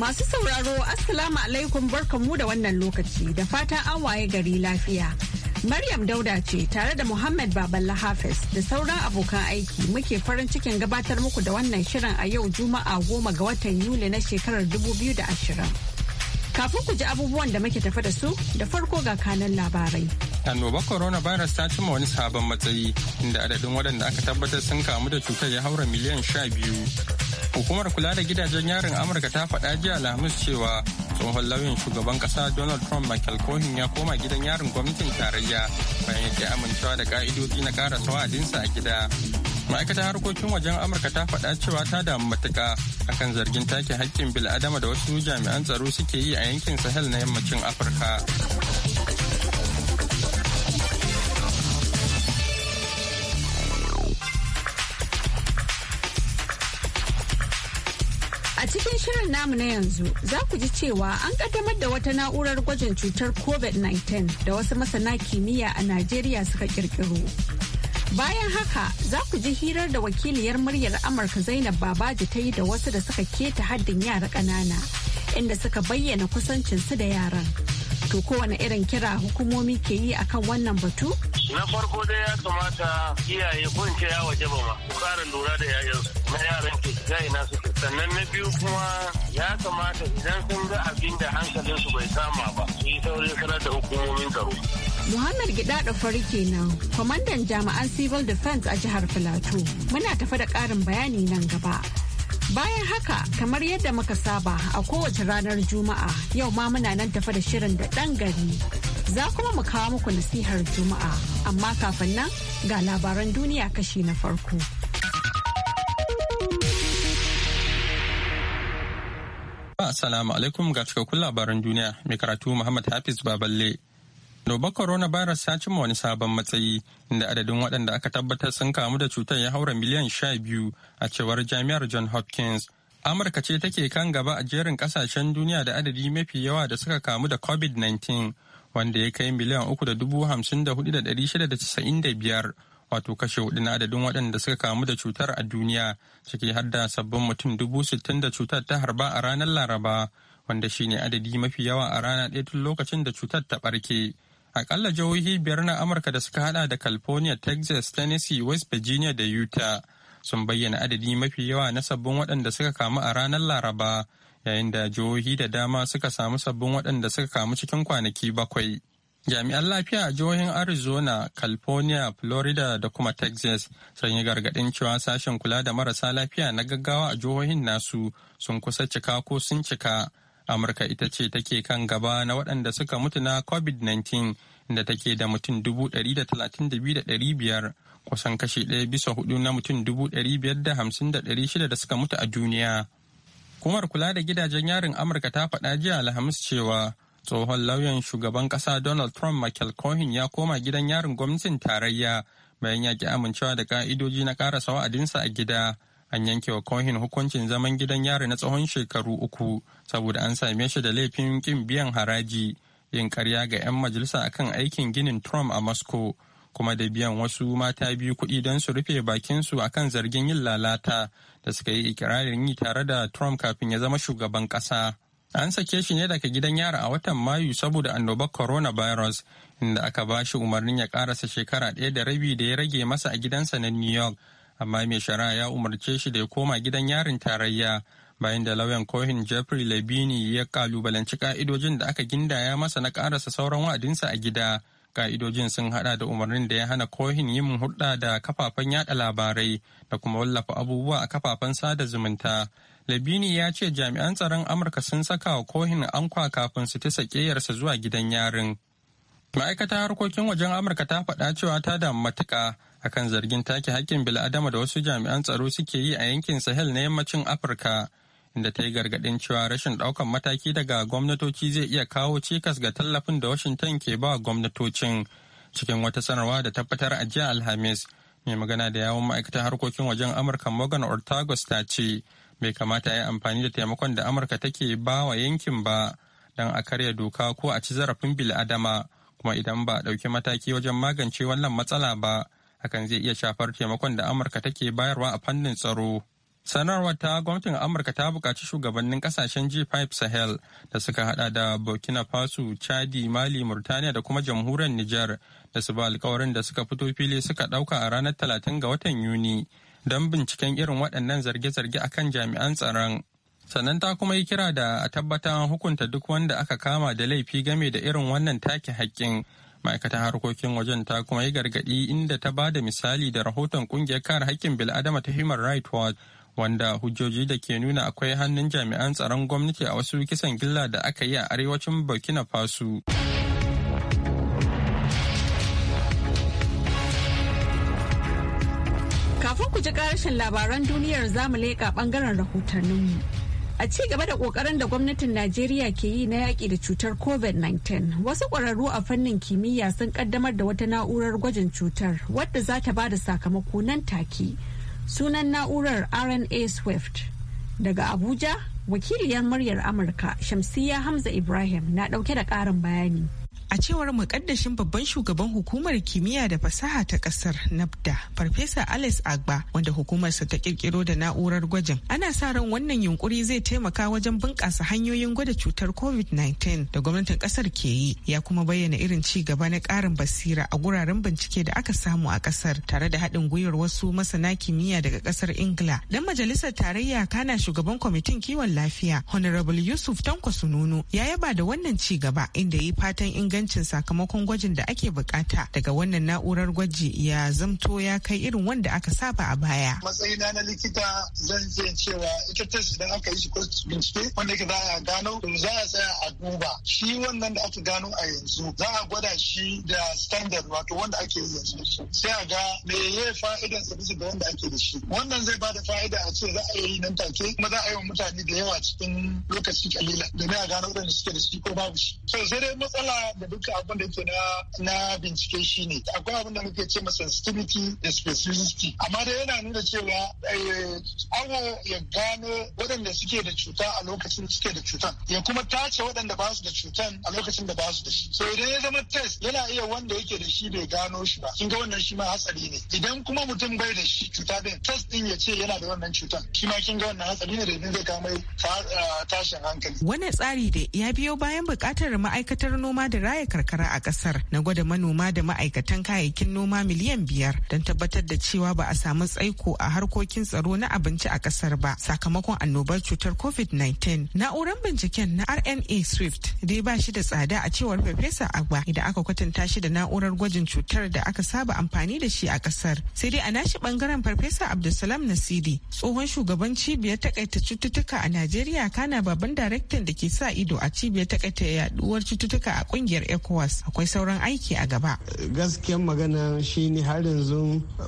Masu sauraro Assalamu alaikum barkanmu da wannan lokaci da fatan an waye gari lafiya. Maryam Dauda ce tare da Muhammad Baballa Hafiz da sauran abokan aiki muke farin cikin gabatar muku da wannan shirin a yau Juma'a goma ga watan Yuli na shekarar 2020. Kafin ku ji abubuwan da muke tafi da su da farko ga kanan labarai. annobar coronavirus ta cima wani sabon matsayi inda adadin wadanda aka tabbatar sun kamu da cutar ya haura miliyan sha biyu hukumar kula da gidajen yarin amurka ta faɗa jiya alhamis cewa tsohon lauyin shugaban ƙasa donald trump michael cohen ya koma gidan yarin gwamnatin tarayya bayan yake amincewa da ka'idoji na ƙara wa'adinsa a gida ma'aikatar harkokin wajen amurka ta faɗa cewa ta damu matuka akan zargin take hakkin bil'adama da wasu jami'an tsaro suke yi a yankin sahel na yammacin afirka cikin shirin namu na yanzu za ku ji cewa an kaddamar da wata na'urar gwajin cutar COVID-19 da wasu masana kimiyya a Najeriya suka kirkiro. Bayan haka za ku ji hirar da wakiliyar muryar Amurka Zainab Babaji ta yi da wasu da suka keta haddin yara ƙanana inda suka bayyana kusancinsu da yaran. To kowane irin kira hukumomi ke yi akan wannan batu? na farko dai ya kamata iyaye kun ce ya waje ba ma ku kara lura da yayansu na yaran ke shiga ina suke sannan na biyu kuma ya kamata idan sun ga abin da su bai sama ba su yi saurin sanar da hukumomin tsaro Muhammad Gida Fari kenan, kwamandan jami'an Civil Defense a jihar Filato. Muna tafi da ƙarin bayani nan gaba. Bayan haka, kamar yadda muka saba a kowace ranar Juma'a, yau ma muna nan tafi da shirin da ɗan gari. za kuma mu kawo muku nasihar juma'a amma kafin nan ga labaran duniya kashi na farko Assalamu alaikum ga cikakkun labaran duniya mai karatu Muhammad Hafiz Baballe. Nobar coronavirus ta cimma wani sabon matsayi inda adadin waɗanda aka tabbatar sun kamu da cutar ya haura miliyan sha biyu a cewar jami'ar John Hopkins. Amurka ce take kan gaba a jerin kasashen duniya da adadi mafi yawa da suka kamu da COVID-19 wanda ya kai miliyan uku da dubu hamsin da hudu da dari shida da casa'in da biyar wato kashe hudu na adadin waɗanda suka kamu da cutar a duniya ciki har da sabbin mutum dubu sittin da cutar ta harba a ranar laraba wanda shine adadi mafi yawa a rana ɗaya tun lokacin da cutar ta ɓarke akalla jihohi biyar na amurka da suka hada da california texas tennessee west virginia da utah sun bayyana adadi mafi yawa na sabbin waɗanda suka kamu a ranar laraba yayin da jihohi da dama suka samu sabbin waɗanda suka kamu cikin kwanaki bakwai. Jami'an lafiya a jihohin Arizona, California, Florida da kuma Texas sun yi gargaɗin cewa sashen kula da marasa lafiya na gaggawa a jihohin nasu sun kusa cika ko sun cika. Amurka ita ce take kan gaba na waɗanda suka mutu na COVID-19 da take da mutum biyar kusan kashi ɗaya bisa hudu na mutum biyar da da shida da suka mutu a duniya. Hukumar kula da gidajen yarin Amurka ta faɗa jiya Alhamis cewa tsohon lauyan shugaban ƙasa Donald Trump Michael Cohen ya koma gidan yarin gwamnatin tarayya bayan ya ki amincewa da ka'idoji na ƙarasa wa'adinsa a gida. An yanke wa Cohen hukuncin zaman gidan yari na tsawon shekaru uku saboda an same shi da laifin ƙin biyan haraji, yin karya ga 'yan majalisa akan aikin ginin Trump a Moscow kuma da biyan wasu mata biyu kuɗi don su rufe bakinsu kan zargin yin lalata da suka yi ikirarin yi tare da Trump kafin ya zama shugaban ƙasa. An sake shi ne daga gidan yara a watan Mayu saboda annobar coronavirus inda aka ba shi umarnin ya ƙarasa shekara ɗaya da rabi da ya rage masa a gidansa na New York. Amma mai shari'a ya umarce shi da ya koma gidan yarin tarayya bayan da lauyan Cohen Jeffrey Labini ya kalubalanci ka'idojin da aka gindaya masa na ƙarasa sauran wa'adinsa a gida. Ka'idojin sun hada da umarnin da ya hana kohin yin hulɗa da kafafen yada labarai da kuma wallafa abubuwa a kafafen sada zumunta. Labini ya ce jami'an tsaron Amurka sun saka wa kohin ankwa kafin su ta sakeyarsa zuwa gidan yarin. Ma'aikata harkokin wajen Amurka ta faɗa cewa ta damu matuƙa akan zargin take hakkin bil'adama da wasu jami'an tsaro suke yi a yankin Sahel na yammacin Afirka inda ta yi gargaɗin cewa rashin ɗaukan mataki daga gwamnatoci zai iya kawo cikas ga tallafin da washington ke ba gwamnatocin cikin wata sanarwa da tabbatar a jiya alhamis mai magana da yawon ma'aikatan harkokin wajen amurka morgan ortagos ta ce bai kamata a yi amfani da taimakon da amurka take ba wa yankin ba don a karya doka ko a ci zarafin bil adama kuma idan ba a ɗauki mataki wajen magance wannan matsala ba hakan zai iya shafar taimakon da amurka take bayarwa a fannin tsaro sanarwar ta gwamnatin amurka ta bukaci shugabannin kasashen g5 sahel da suka hada da burkina faso chadi mali murtaniya da kuma jamhuriyar niger da su ba alkawarin da suka fito fili suka ɗauka a ranar 30 ga watan yuni don binciken irin waɗannan zarge-zarge akan jami'an tsaron sannan ta kuma yi kira da a tabbata hukunta duk wanda aka kama da laifi game da irin wannan take haƙƙin ma'aikatar harkokin wajen ta kuma yi gargaɗi inda ta ba da misali da rahoton ƙungiyar kare haƙƙin bil'adama ta human rights watch wanda hujjoji da ke nuna akwai hannun jami'an tsaron gwamnati a wasu kisan gilla da aka yi a arewacin burkina faso kafin ku ji karashin labaran duniyar zamu leƙa ɓangaren rahotanninmu a ci gaba da ƙoƙarin da gwamnatin najeriya ke yi na yaƙi da cutar covid-19 wasu ƙwararru a fannin kimiyya sun ƙaddamar da wata na'urar gwajin cutar wadda za ta ba da sakamako nan take Sunan na'urar RNA Swift. Daga Abuja, wakiliyar muryar Amurka Shamsiyya Hamza Ibrahim na ɗauke da ƙarin bayani. A cewar mukaddashin babban shugaban hukumar kimiyya da fasaha ta kasar NAFDA, Farfesa Alex Agba, wanda hukumarsa ta kirkiro da na'urar gwajin. Ana sa ran wannan yunkuri zai taimaka wajen bunƙasa hanyoyin gwada cutar COVID-19 da gwamnatin kasar ke yi. Ya kuma bayyana irin ci gaba na ƙarin basira a guraren bincike da aka samu a kasar tare da haɗin gwiwar wasu masana kimiyya daga kasar Ingila. Dan majalisar tarayya kana shugaban kwamitin kiwon lafiya Honorable Yusuf Tanko Sununu ya yaba da wannan ci gaba inda yi fatan inganci ingancin sakamakon gwajin da ake bukata daga wannan na'urar gwaji ya zamto ya kai irin wanda aka saba a baya. Matsayina na likita zan iya cewa ita test idan aka yi shi ko bincike wanda yake za a gano za a tsaya a duba shi wannan da aka gano a yanzu za a gwada shi da standard wato wanda ake yi yanzu sai a ga me ya fa'idan sa bisa da wanda ake da shi wannan zai bada fa'ida a ce za a yi nan take kuma za a yi wa mutane da yawa cikin lokaci kalila domin a gano waɗanda suke da shi ko babu shi. So dai matsala da duka abin da ke na bincike shi ne akwai abin da muke ce ma sensitivity da specificity amma dai yana nuna cewa eh, awo ya gano waɗanda suke da cuta a lokacin suke da cutan ya kuma tace waɗanda ba su da cutan a lokacin da ba su da shi so idan ya zama test yana iya wanda yake da shi bai gano shi ba kin ga wannan shi ma hatsari ne idan kuma mutum bai da shi cuta din test din ya ce yana da wannan cutan shi ma kin ga wannan hatsari ne da idan zai kawo mai eh, tashin hankali wannan tsari da ya biyo bayan buƙatar ma'aikatar noma da raya ya karkara a kasar na gwada manoma da ma'aikatan kayayyakin noma miliyan biyar don tabbatar da cewa ba a samu tsaiko a harkokin tsaro na abinci a kasar ba sakamakon annobar cutar covid-19 na'urar binciken na rna swift dai ba shi da tsada a cewar farfesa agba idan aka kwatanta shi da na'urar gwajin cutar da aka saba amfani da shi a kasar sai dai a nashi bangaren farfesa abdulsalam nasiri tsohon shugaban cibiyar takaita cututtuka a najeriya kana baban daraktan da ke sa ido a cibiyar takaita yaduwar cututtuka a kungiyar ecowas akwai sauran aiki a gaba gaskiyar magana shi ne har yanzu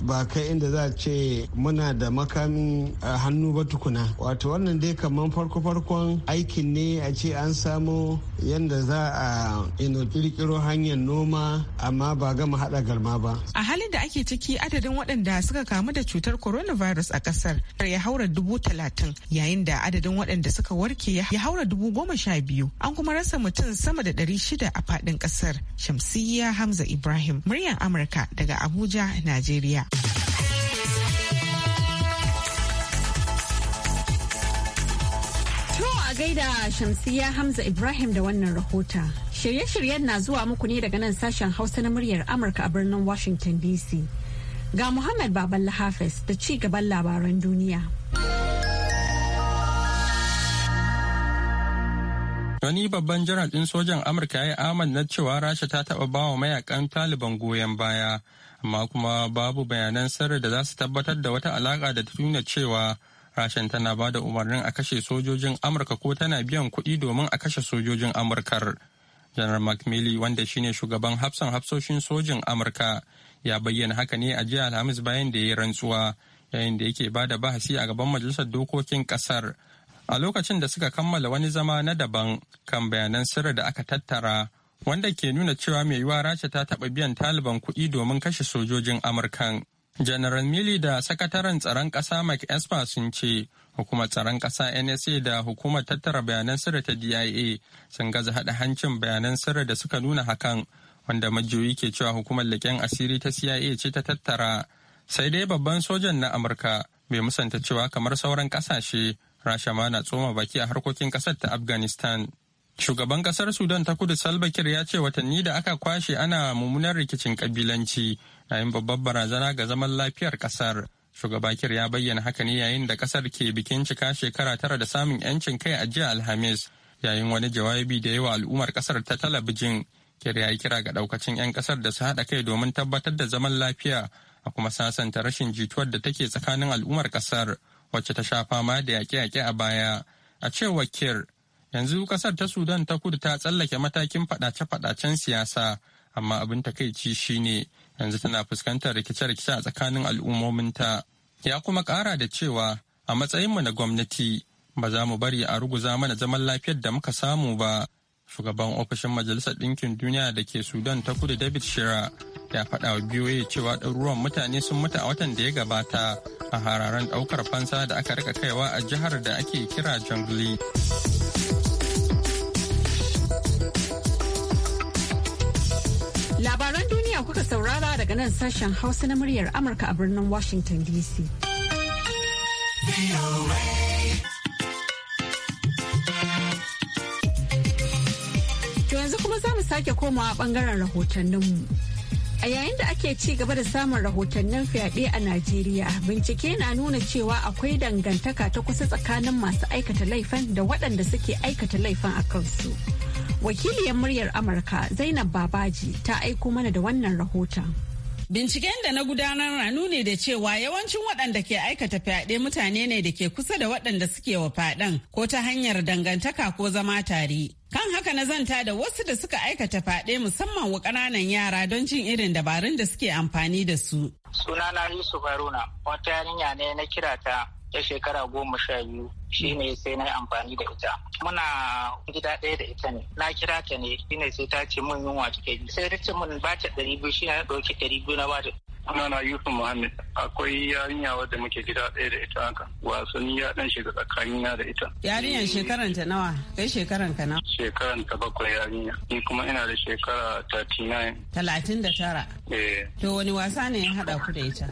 ba kai inda za a ce muna da makamin hannu ba tukuna wato wannan dai kamar farko-farkon aikin ne a ce an samo yadda za a kirkiro hanyar noma amma ba gama hada garma ba a halin da ake ciki adadin waɗanda suka kamu da cutar coronavirus a ƙasar ya haura dubu talatin yayin da adadin waɗanda suka warke ya haura dubu goma sha biyu an kuma rasa mutum sama da ɗari shida a faɗin faɗin ƙasar Shamsiyya Hamza Ibrahim muryar Amurka daga Abuja, Najeriya. gaida Shamsiyya Hamza Ibrahim da wannan rahota. Shirye-shiryen na zuwa muku ne daga nan sashen Hausa na muryar Amurka a birnin Washington DC. Ga Muhammad Baballa Hafiz da ci gaban labaran duniya. Wani babban janar ɗin sojan Amurka ya yi na cewa Rasha ta taɓa bawa mayakan Taliban goyon baya, amma kuma babu bayanan sirri da za su tabbatar da wata alaƙa da ta nuna cewa rasha tana ba da umarnin a kashe sojojin Amurka ko tana biyan kuɗi domin a kashe sojojin Amurkar. Janar Macmillan wanda shine shugaban hafsan hafsoshin sojin Amurka ya bayyana haka ne a jiya Alhamis bayan da ya yi rantsuwa yayin da yake ba da bahasi a gaban majalisar dokokin ƙasar. a lokacin da suka kammala wani zama na daban kan bayanan sirri da aka tattara wanda ke nuna cewa mai yiwuwa rasha ta taɓa biyan taliban kuɗi domin kashe sojojin amurkan general mili da sakataren tsaron ƙasa mike esper sun ce hukumar tsaron ƙasa nsa da hukumar tattara bayanan sirri ta dia sun gaza haɗa hancin bayanan sirri da suka nuna hakan wanda majiyoyi ke cewa hukumar leƙen asiri ta cia ce ta tattara sai dai babban sojan na amurka bai musanta cewa kamar sauran ƙasashe rasha ma na tsoma baki a harkokin kasar ta afghanistan shugaban kasar sudan ta kudu salbakir ya ce watanni da aka kwashe ana mummunar rikicin kabilanci na yin babbar barazana ga zaman lafiyar kasar shugaba kir ya bayyana haka ne yayin da kasar ke bikin cika shekara tara da samun yancin kai a jiya alhamis yayin wani jawabi da yawa al'ummar kasar ta talabijin kir ya yi kira ga daukacin 'yan kasar da su haɗa kai domin tabbatar da zaman lafiya a kuma sasanta rashin jituwar da take tsakanin al'ummar kasar. wacce ta sha fama da yaƙe-yaƙe a baya a cewar kir yanzu ƙasar ta sudan ta kudu ta tsallake matakin faɗace-faɗacen siyasa amma abin takaici shine yanzu tana fuskantar rikice-rikice a tsakanin al'ummominta ya kuma ƙara da cewa a matsayinmu na gwamnati ba za mu bari a ruguza mana zaman lafiyar da muka samu ba shugaban ofishin majalisar ɗinkin duniya da ke sudan ta kudu david shira ya faɗa wa ya cewa ɗaruruwan mutane sun mutu a watan da ya gabata a hararen ɗaukar fansa da aka rika kaiwa a jihar da ake kira jangli. Labaran duniya kuka saurara daga nan sashen Hausa na muryar Amurka a birnin Washington DC. To yanzu kuma za mu sake komawa bangaren rahotanninmu. A yayin da ake ci gaba da samun rahotannin fyaɗe a Najeriya, bincike na nuna cewa akwai dangantaka ta kusa tsakanin masu aikata laifin da waɗanda suke aikata laifin a kansu. Wakiliyar muryar Amurka Zainab Babaji ta aiko mana da wannan rahoton. Binciken da na gudanar na nuni da cewa yawancin waɗanda ke aikata fyaɗe mutane ne da ke kusa da waɗanda suke wa faɗan ko ta hanyar dangantaka ko zama tare. Kan haka na zanta da wasu da suka aikata fyaɗe musamman wa ƙananan yara don jin irin dabarun da suke amfani da su. Sunana Yusuf Haruna, wata yarinya ne na kira ta ta shekara goma sha biyu shine sai na yi amfani da ita muna gida ɗaya da ita ne na kira ta ne ne sai ta ce mun yunwa take ji sai ta ce mun ba ta ɗari biyu ne na ɗauki ɗari biyu na ba ta na Yusuf Muhammad akwai yarinya wadda muke gida ɗaya da ita haka wasanni ya ɗan shiga tsakanina da ita. Yarinyar ta nawa? Kai shekaran na? nawa? ta bakwai yarinya. Ni kuma ina da shekara 39. 39? Eh. To wani wasa ne ya haɗa ku da ita?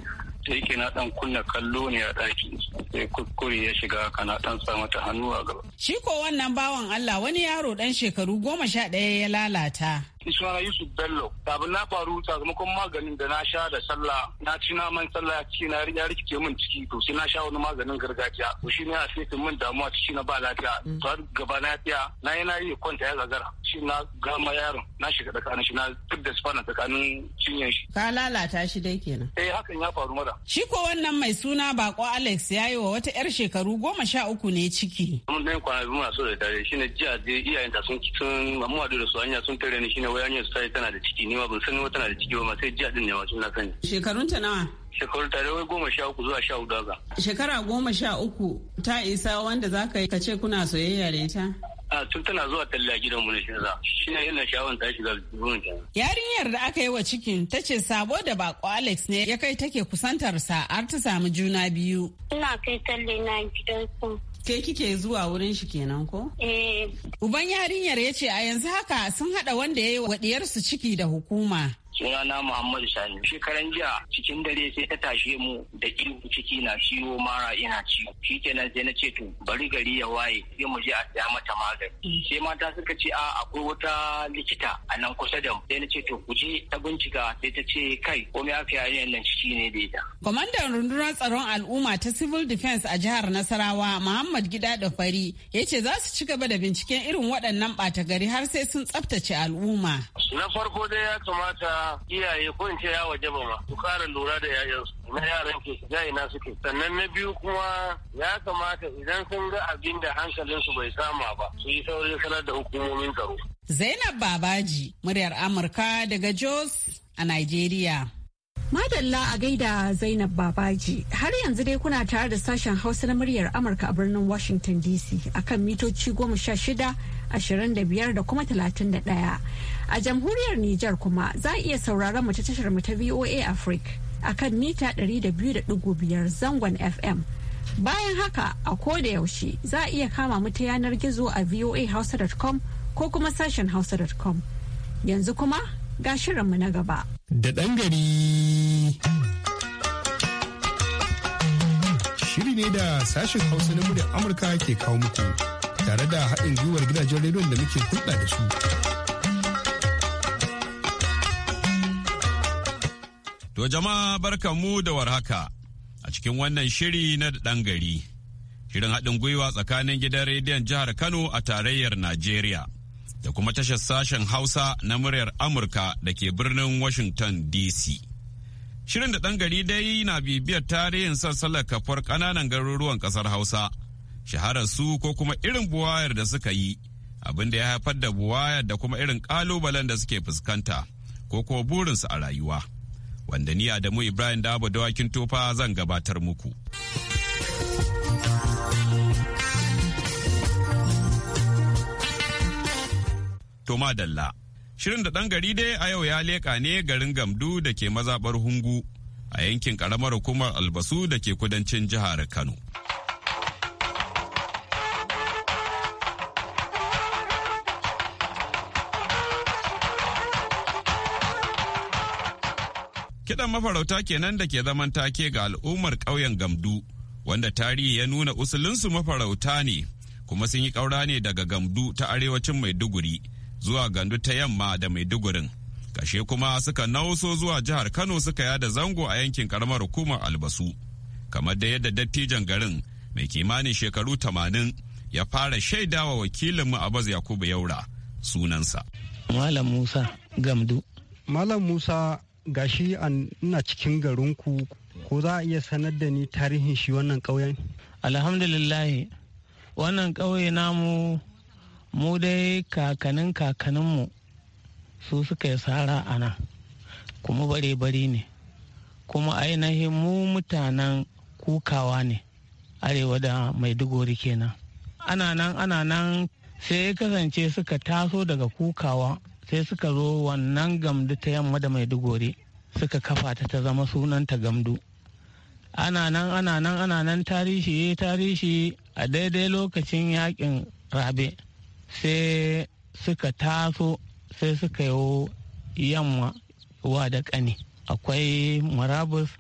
da yake na dan kunna kallo ne a ɗaki sai kuskure ya shiga kana dan sa mata hannu a gaba. Shi ko wannan bawan Allah wani yaro dan shekaru goma sha ɗaya ya lalata suna Yusuf Bello abin na faru sakamakon maganin da na sha da sallah na ci naman sallah ci na ya rikice min ciki to sai na sha wani maganin gargajiya to shi ne a sai min damuwa ciki na ba lafiya mm. to gaba na fiya na yi na yi kwanta ya gagara shi na gama yaron na shiga tsakanin shi na duk da spana tsakanin cinyen shi ka lalata shi dai kenan eh hakan ya faru mara shi ko wannan mai suna bako Alex ya yi wa wata yar shekaru goma sha uku ne ciki mun dai kwana biyu masu da dare ne jiya dai iyayen ta sun sun amma da su hanya sun tare ni ne na wayar yau sai tana da ciki ni ma ban san tana da ciki ba ma sai jiya din ne wasu na sani shekarun ta nawa shekaru ta wai goma sha uku zuwa sha hudu haka shekara goma sha uku ta isa wanda za ka yi ka ce kuna soyayya da ita a tun tana zuwa talla gidan mu ne shi za shi ne yana shawon ta shiga gurin yarinyar da aka yi wa cikin ta ce sabo da bako alex ne ya kai take kusantar sa har ta samu juna biyu ina kai talle na gidan su Ke kike zuwa wurin shi kenan ko? Eh. Uban yarinyar ya ce a yanzu haka sun haɗa wanda ya yi wa ciki da hukuma. sunana Muhammadu Sani shekaran jiya cikin dare sai ta tashe mu da ihu ciki na ciwo mara ina ciwo shikenan sai na ce to bari gari ya waye sai mu je a saya mata magani mm. sai mata suka ce a akwai wata likita a nan kusa da mu sai na ce to ku je ta bincika sai ta ce kai komai aka yi nan ciki ne da ita kwamandan rundunar tsaron al'umma ta civil defense a jihar Nasarawa Muhammad Gida da Fari ya ce za su ci gaba da binciken irin waɗannan ɓata gari har sai sun tsaftace al'umma na farko dai ya kamata iyaye ko in ce ya waje ba ma su kara lura da 'ya'yansu na yaran ke shiga ina suke sannan na biyu kuma ya kamata idan sun ga abin da hankalinsu bai sama ba su yi saurin sanar da hukumomin tsaro. Zainab Babaji, muryar Amurka daga Jos a Nigeria. Madalla a gaida Zainab Babaji har yanzu dai kuna tare da sashen Hausa na muryar Amurka a birnin Washington DC akan mitoci goma sha shida 25 da kuma 31. A jamhuriyar Nijar kuma za a iya sauraron mu ta tashar mu ta VOA Africa a kan mita 200.5 zangon FM. Bayan haka a koda yaushe za a iya kama mu ta yanar gizo a VOA voahausa.com ko kuma sashen hausa.com. Yanzu kuma ga mu na gaba. Da ɗan gari. Shiri ne da sashen hausa na da Amurka ke kawo muku. tare da haɗin gwiwar gidajen rediyon da muke hulɗa da su. To jama'a mu da warhaka a cikin wannan shiri na ɗan gari. Shirin haɗin gwiwa tsakanin gidan rediyon jihar Kano a tarayyar Najeriya da kuma tashar sashen Hausa na muryar Amurka da ke birnin Washington DC. Shirin da ɗan gari dai na bibiyar tarihin sassalar kafar ƙananan garuruwan ƙasar Hausa. shaharar su ko kuma irin buwayar da suka yi abin da ya haifar da buwayar da kuma irin kalubalen da suke fuskanta ko kuma burinsu a rayuwa wanda ni Adamu Ibrahim Dabo dawakin tofa zan gabatar muku. tomadalla Shirin da ɗan gari dai a yau ya leƙa ne garin Gamdu da ke mazaɓar Hungu a yankin ƙaramar hukumar Albasu da ke kudancin jihar Kano. kidan mafarauta kenan da ke zaman take ga al'ummar ƙauyen Gamdu, wanda tarihi ya nuna usulinsu mafarauta ne, kuma sun yi ƙaura ne daga Gamdu ta arewacin Maiduguri zuwa Gandu ta yamma da Maidugurin. Kashe kuma suka nauso zuwa jihar Kano suka yada zango a yankin karamar hukumar Albasu. Kamar da yadda dattijan garin mai kimanin shekaru tamanin ya fara shaidawa wakilinmu Abaz Yakubu Yaura sunansa. Malam Musa Gamdu. Malam Musa gashi ina cikin garinku ko za a iya sanar da ni tarihin shi wannan ƙauyen? alhamdulillahi wannan ƙauye namu mu dai kakanin kakaninmu su suka yi sara a nan kuma bare-bare ne kuma ainihin mu mutanen kukawa ne arewa da maiduguri kenan ana nan ana nan sai ya kasance suka taso daga kukawa sai suka zo wannan gamdu ta yamma da maiduguri suka kafa ta ta zama sunanta gamdu ana nan ana nan ana nan tarihi tarihi a daidai lokacin yakin rabe sai suka taso sai suka yi yamma wa da ƙani akwai murabus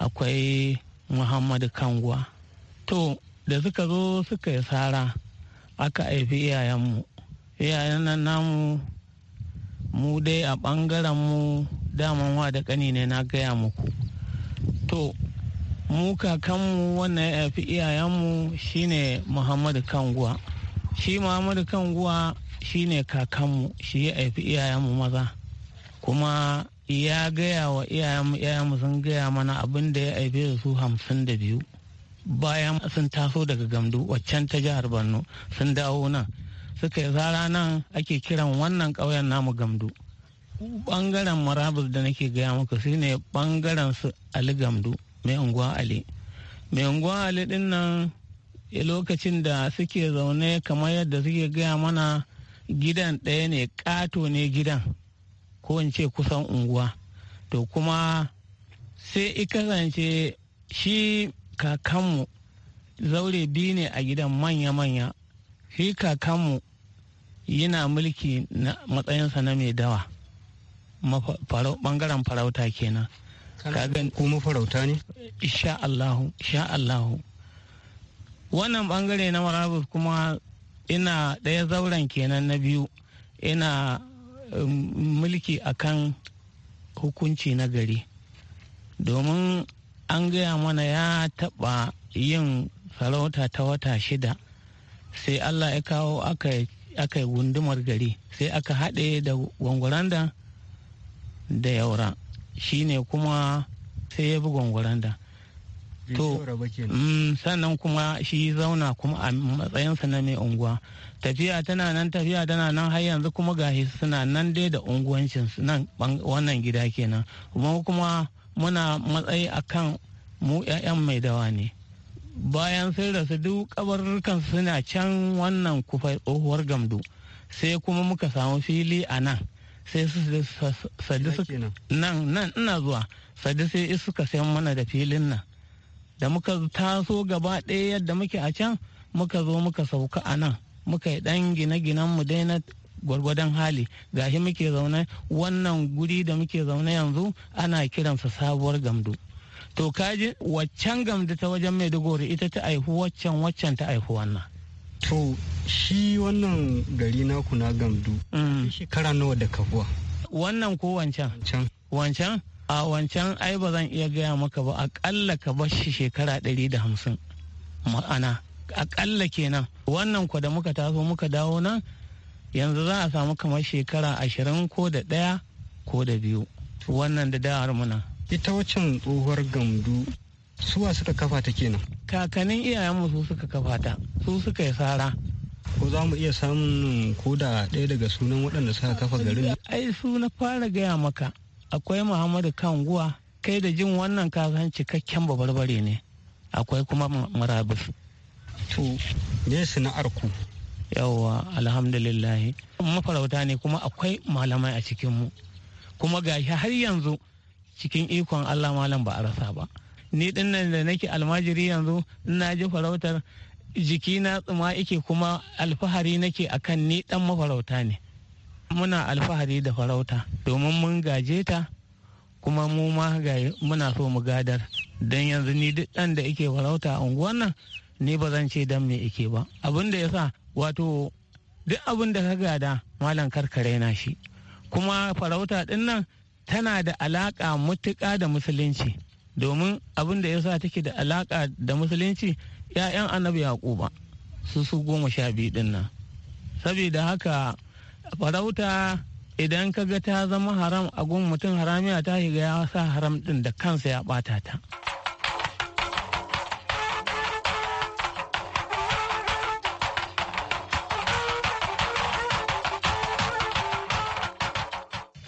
akwai muhammadu kanguwa to da suka zo suka yi sara aka haifi iyayenmu iyayen nan namu mu dai a ɓangaren mu daman wa da kani ne na gaya muku to mu kakanmu wannan ya fi iyayenmu shine muhammadu kanguwa shi muhammadu kanguwa shine kakanmu shi ya fi iyayenmu maza kuma ya gaya wa iyayenmu sun gaya mana abin da ya haife da su hamsin da biyu bayan sun taso daga gamdu waccan ta jihar borno sun dawo nan suka yi zara nan ake kiran wannan ƙauyen namu gamdu bangaren marabus da nake gaya maka shine bangaren su ali gamdu mai unguwa ali mai unguwa ali din nan lokacin da suke zaune kamar yadda suke gaya mana gidan ɗaya ne ƙato ne gidan ko in ce kusan unguwa to kuma sai i kasance shi kakanmu zaure biyu ne a gidan manya-manya shi kakanmu yana mulki na matsayinsa na mai dawa bangaren farauta kenan kagan ko mafarauta ne Sha Allahu Sha Allahu wannan bangare na marabus kuma ina ɗaya zauren kenan na biyu ina um, mulki a kan hukunci na gari domin an gaya mana ya taɓa yin sarauta ta wata shida sai allah ya kawo aka yi gundumar gari sai aka haɗe da da. da yaura shine kuma sai ya bi gwangwaranda to mm, sannan kuma shi zauna kuma a matsayinsa na mai unguwa tafiya tana nan tafiya tana nan har yanzu kuma gashi suna nan dai da unguwancin nan wannan gida kenan kuma kuma muna matsayi a kan mu 'ya'yan mai dawa ne bayan sun rasu duk kabarurkan suna can wannan kufai tsohuwar gamdu sai kuma muka samu fili a nan sai su sadu nan nan ina zuwa sadu sai suka sayan mana da filin nan da muka taso gaba ɗaya yadda muke a can muka zo muka sauka a nan muka yi ɗan gine-ginen mu dai na gwargwadon hali gashi muke zaune wannan guri da muke zaune yanzu ana kiransa sabuwar gamdu to kaji waccan gamdu ta wajen maiduguri ita ta aihu waccan waccan ta aihu wannan To shi wannan gari naku na gamdu mm. shekara nawa da kafuwa. Wannan ko wancan? Wancan? A wancan ai ba zan iya gaya maka ba akalla ka bar shi shekara ɗari da hamsin ma'ana akalla kenan wannan ku da muka taso muka dawo nan yanzu za a samu kamar shekara ashirin ko da ɗaya ko da biyu wannan da da'ar muna. Ita waccan tsohuwar gamdu suwa suka kafa ta kenan kakannin iyayenmu su suka kafa ta su suka yi sara ko za mu iya samun da ɗaya daga sunan waɗanda suka kafa garin ai su na fara gaya maka akwai muhammadu kanguwa kai da jin wannan kasan cikakken babarbare ne akwai kuma murabus to me sana'ar ku yawwa alhamdulillah mafarauta ne kuma akwai malamai a cikinmu kuma gashi har yanzu cikin ikon allah malam ba a rasa ba ni dinnan da nake almajiri yanzu ina ji farautar jikina tsuma ike kuma alfahari nake akan ni dan mafarauta ne muna alfahari da farauta domin mun gaje ta kuma mu ma muna so mu gadar don yanzu ni duk dan da ike farauta a unguwar nan ni ba zan ce dan me ike ba abin da yasa wato duk abin da ka gada malam karkare na shi kuma farauta din nan tana da alaka mutuka da musulunci domin abin da ya sa take da alaka da musulunci 'ya'yan annabi yaquba su su goma sha biyu din nan saboda haka farauta idan ka ga ta zama haram a gun mutum haramiya ta shiga ya sa haram din da kansa ya bata ta.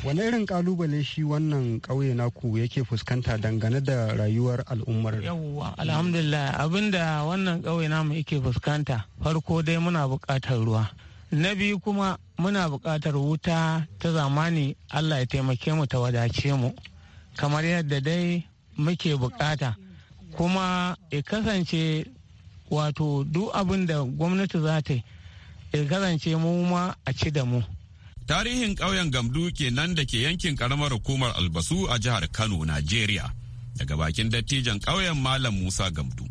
wani irin kalubale shi wannan ƙauye naku yake fuskanta dangane da rayuwar al'ummar yawwa alhamdulillah abinda wannan ƙauye namu yake fuskanta farko dai muna buƙatar ruwa na biyu kuma muna buƙatar wuta ta zamani allah ya taimake mu ta wadace mu kamar yadda dai muke buƙata kuma ya kasance wato duk abin da gwamnati za ta ya kasance mu ma a ci da mu Tarihin ƙauyen Gamdu kenan da ke yankin ƙaramar hukumar Albasu a jihar Kano, Najeriya, daga bakin dattijan ƙauyen Malam Musa Gamdu.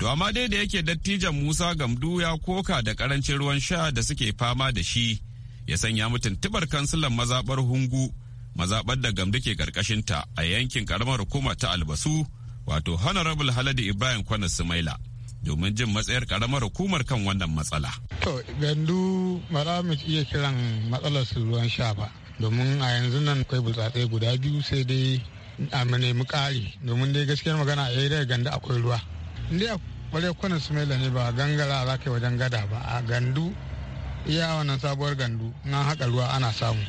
To amma dai da yake dattijan Musa Gamdu ya koka da ƙarancin ruwan sha da suke fama da shi, ya sanya tubar kansilan mazaɓar Hungu, mazaɓar da Gamdu ke ta a yankin ƙaramar hukumar ta Albasu, wato Honorable Haladu Ibrahim Kwana Sumaila. domin jin matsayar karamar hukumar kan wannan matsala. To gandu ba za mu iya kiran matsalar ruwan sha ba domin a yanzu nan akwai bultsatse guda biyu sai dai a mu nemi domin dai gaskiyar magana a yi gandu akwai ruwa. a kwale kwanan su ne ba gangara za ka wajen gada ba a gandu iya wannan sabuwar gandu na haka ruwa ana samu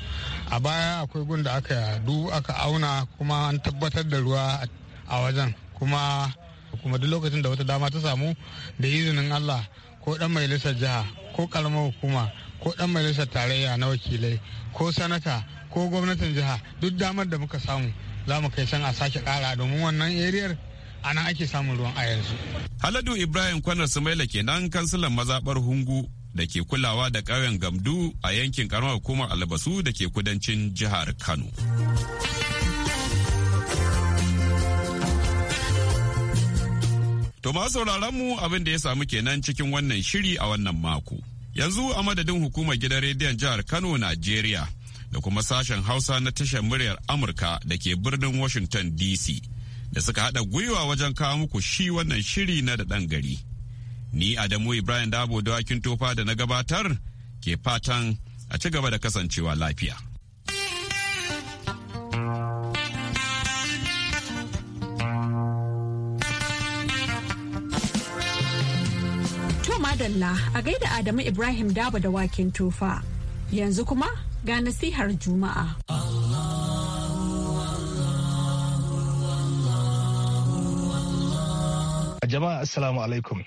a baya akwai gun da aka yadu aka auna kuma an tabbatar da ruwa a wajen kuma kuma duk lokacin da wata dama ta samu da izinin Allah ko dan majalisar jiha ko kalmar hukuma ko dan majalisar tarayya na wakilai ko sanata ko gwamnatin jiha duk damar da muka samu za mu kai san a sake kara domin wannan eriyar a ake samun ruwan a yanzu. Haladu Ibrahim Kwanar Sumaila kenan kansilan mazaɓar Hungu da ke kulawa da ƙauyen Gamdu a yankin ƙaramar hukumar Albasu da ke kudancin jihar Kano. To ma sauraron mu abin da ya samu kenan cikin wannan shiri a wannan mako. Yanzu a madadin hukumar gidan rediyon jihar Kano, Najeriya da kuma sashen Hausa na tashar muryar Amurka da ke birnin Washington DC da suka haɗa gwiwa wajen kawo muku shi wannan shiri na da ɗan gari. Ni Adamu Ibrahim Dabo da Tofa da na gabatar ke fatan a ci gaba da kasancewa lafiya. madalla a gaida Adamu Ibrahim Daba da wakin tofa. Yanzu kuma ga nasihar Juma'a. A Jama'a assalamu alaikum.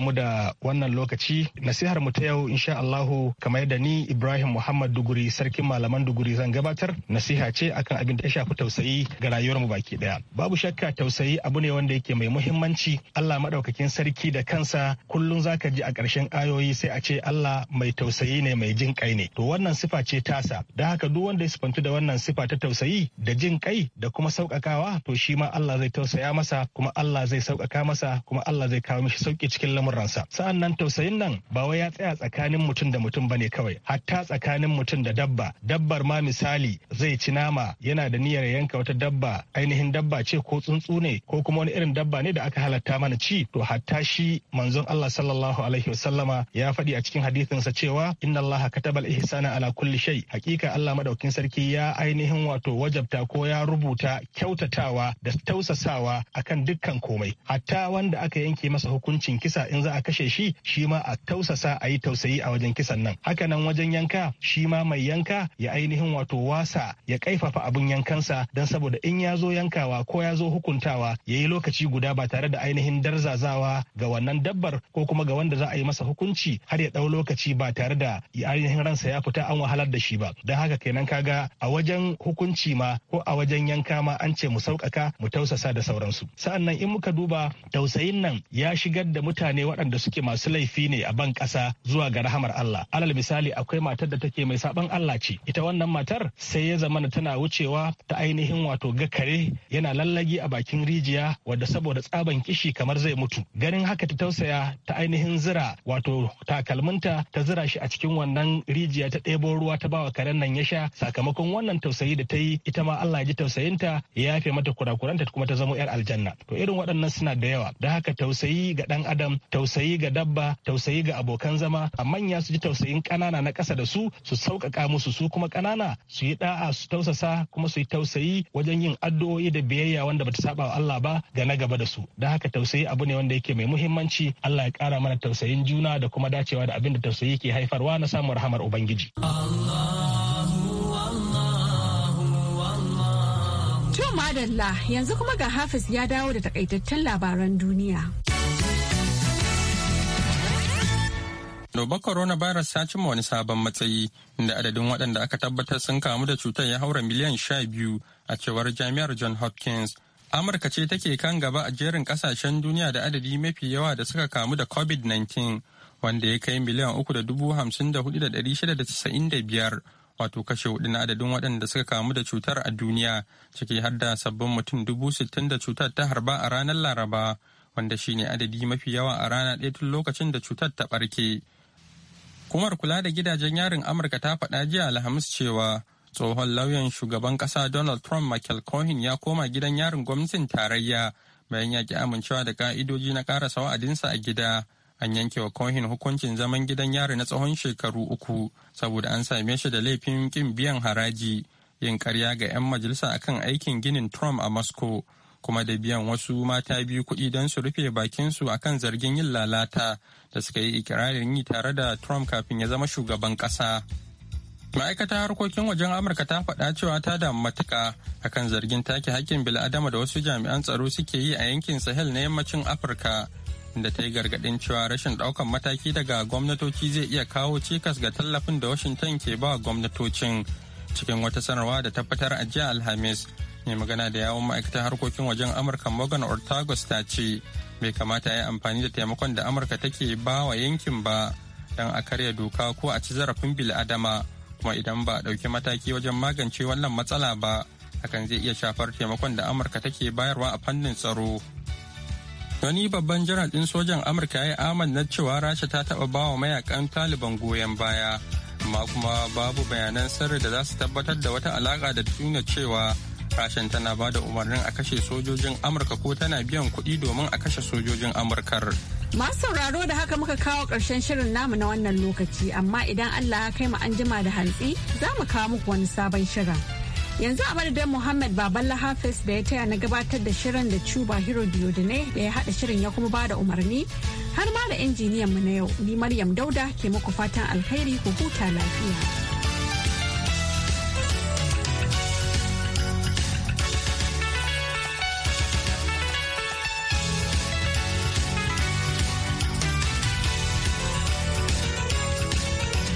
mu da wannan lokaci nasihar mu ta yau insha Allahu kamar da ni Ibrahim Muhammad Duguri sarkin malaman Duguri zan gabatar nasiha ce akan abin da ya shafi tausayi ga rayuwar mu baki daya. Babu shakka tausayi abu ne wanda yake mai muhimmanci Allah madaukakin sarki da kansa kullun zaka ji a ƙarshen ayoyi sai a ce Allah mai tausayi ne mai jin kai ne. To wannan sifa ce tasa. Da haka duk wanda ya sifantu da wannan sifa ta tausayi da jin kai da kuma sauƙaƙawa to shi ma Allah zai tausaya masa kuma Allah zai sauƙaƙa masa masa kuma Allah zai kawo mishi sauki cikin lamuransa sa'an nan tausayin nan ba wai ya tsaya tsakanin mutum da mutum bane kawai hatta tsakanin mutum da dabba dabbar ma misali zai ci nama yana da niyyar yanka wata dabba ainihin dabba ce ko tsuntsu ne ko kuma wani irin dabba ne da aka halatta mana ci to hatta shi manzon Allah sallallahu alaihi wasallama ya faɗi a cikin sa cewa inna Allah katabal ihsana ala kulli shay hakika Allah madaukin sarki ya ainihin wato wajabta ko ya rubuta kyautatawa da tausasawa akan dukkan komai hatta wanda aka yanke masa hukuncin kisa in za a kashe shi shi ma a tausasa a yi tausayi a wajen kisan nan hakanan wajen yanka shi ma mai yanka ya ainihin wato wasa ya kaifafa abin yankansa don saboda in ya zo yankawa ko ya zo hukuntawa ya yi lokaci guda ba tare da ainihin darzazawa ga wannan dabbar ko kuma ga wanda za a yi masa hukunci har ya ɗau lokaci ba tare da ainihin ransa ya fita an wahalar da shi ba don haka kenan kaga a wajen hukunci ma ko a wajen yanka ma an ce mu sauƙaƙa mu tausasa da sauransu sa'an nan in muka duba tausayin nan ya shigar da mutane waɗanda suke masu laifi ne a ban ƙasa zuwa ga rahamar Allah alal misali akwai matar da take mai saban Allah ce ita wannan matar sai ya zama tana wucewa ta ainihin wato ga kare yana lallagi a bakin rijiya wadda saboda tsaban kishi kamar zai mutu ganin haka ta tausaya ta ainihin zira wato takalminta ta zira shi a cikin wannan rijiya ta ɗebo ruwa ta bawa karen nan ya sha sakamakon wannan tausayi da ta yi ita ma Allah ya ji tausayinta ya yafe mata kurakuranta kuma ta zama yar aljanna to irin waɗannan suna da yawa da haka tausayi ga dan adam tausayi ga dabba tausayi ga abokan zama a manya su ji tausayin kanana na ƙasa da su su sauƙaƙa musu su kuma ƙanana su yi da'a su tausasa kuma su yi tausayi wajen yin addu'o'i da biyayya wanda bata saba wa Allah ba ga na gaba da su da haka tausayi abu ne wanda yake mai muhimmanci Allah ya ƙara mana tausayin juna da kuma dacewa da abin da tausayi ke haifarwa na samun rahamar ubangiji Allah madalla yanzu kuma ga hafiz ya dawo da takaitattun labaran duniya. Doba coronavirus ta cimma wani sabon matsayi inda adadin waɗanda aka tabbatar sun kamu da cutar ya haura miliyan sha biyu a cewar jami'ar John Hopkins. Amurka ce take kan gaba a jerin ƙasashen duniya da adadi mafi yawa da suka kamu da COVID-19 wanda ya kai miliyan uku da dubu hamsin da hudu da ɗari shida da biyar wato kashe hudu na adadin waɗanda suka kamu da cutar a duniya ciki har da sabbin mutum dubu sittin da cutar ta harba a ranar laraba wanda shine adadi mafi yawa a rana ɗaya tun lokacin da cutar ta ɓarke. Kumar kula da gidajen yarin Amurka ta faɗa jiya Alhamis cewa tsohon lauyan shugaban ƙasa Donald Trump Michael Cohen ya koma gidan yarin gwamnatin tarayya bayan ya ki amincewa da ka'idoji na ƙarasa sawa'adinsa a gida. an yanke wa kohin hukuncin zaman gidan yari na tsawon shekaru uku saboda an same shi da laifin kin biyan haraji yin karya ga 'yan majalisa akan aikin ginin trump a moscow kuma da biyan wasu mata biyu kuɗi don su rufe bakinsu akan zargin yin lalata da suka yi ikirarin yi tare da trump kafin ya zama shugaban ƙasa. ma'aikata harkokin wajen amurka ta faɗa cewa ta damu matuka akan zargin take hakkin bil'adama da wasu jami'an tsaro suke yi a yankin sahel na yammacin afirka da ta yi gargaɗin cewa rashin ɗaukan mataki daga gwamnatoci zai iya kawo cikas ga tallafin da washington ke ba gwamnatocin cikin wata sanarwa da tabbatar a jiya alhamis mai magana da yawon ma'aikatan harkokin wajen amurka morgan ortagos ta ce bai kamata ya amfani da taimakon da amurka take ba wa yankin ba don a karya doka ko a ci zarafin bil adama kuma idan ba a ɗauki mataki wajen magance wannan matsala ba hakan zai iya shafar taimakon da amurka take bayarwa a fannin tsaro Wani babban jiran ɗin sojan Amurka ya na cewa Rasha ta taɓa bawa mayakan Taliban goyon baya, amma kuma babu bayanan sirri da za su tabbatar da wata alaƙa da tuna cewa Rashan tana ba da umarnin a kashe sojojin Amurka ko tana biyan kuɗi domin a kashe sojojin Amurkar. Masu sauraro da haka muka kawo ƙarshen shirin namu na wannan lokaci, amma idan Allah ya kai mu an jima da hantsi za mu kawo muku wani sabon shirin. yanzu a madadin muhammad baballa hafiz da ya taya na gabatar da shirin da cuba hero diodine da ya haɗa shirin ya kuma bada umarni har ma da injiniyan mu na yau ni maryam dauda ke muku fatan alheri ku huta lafiya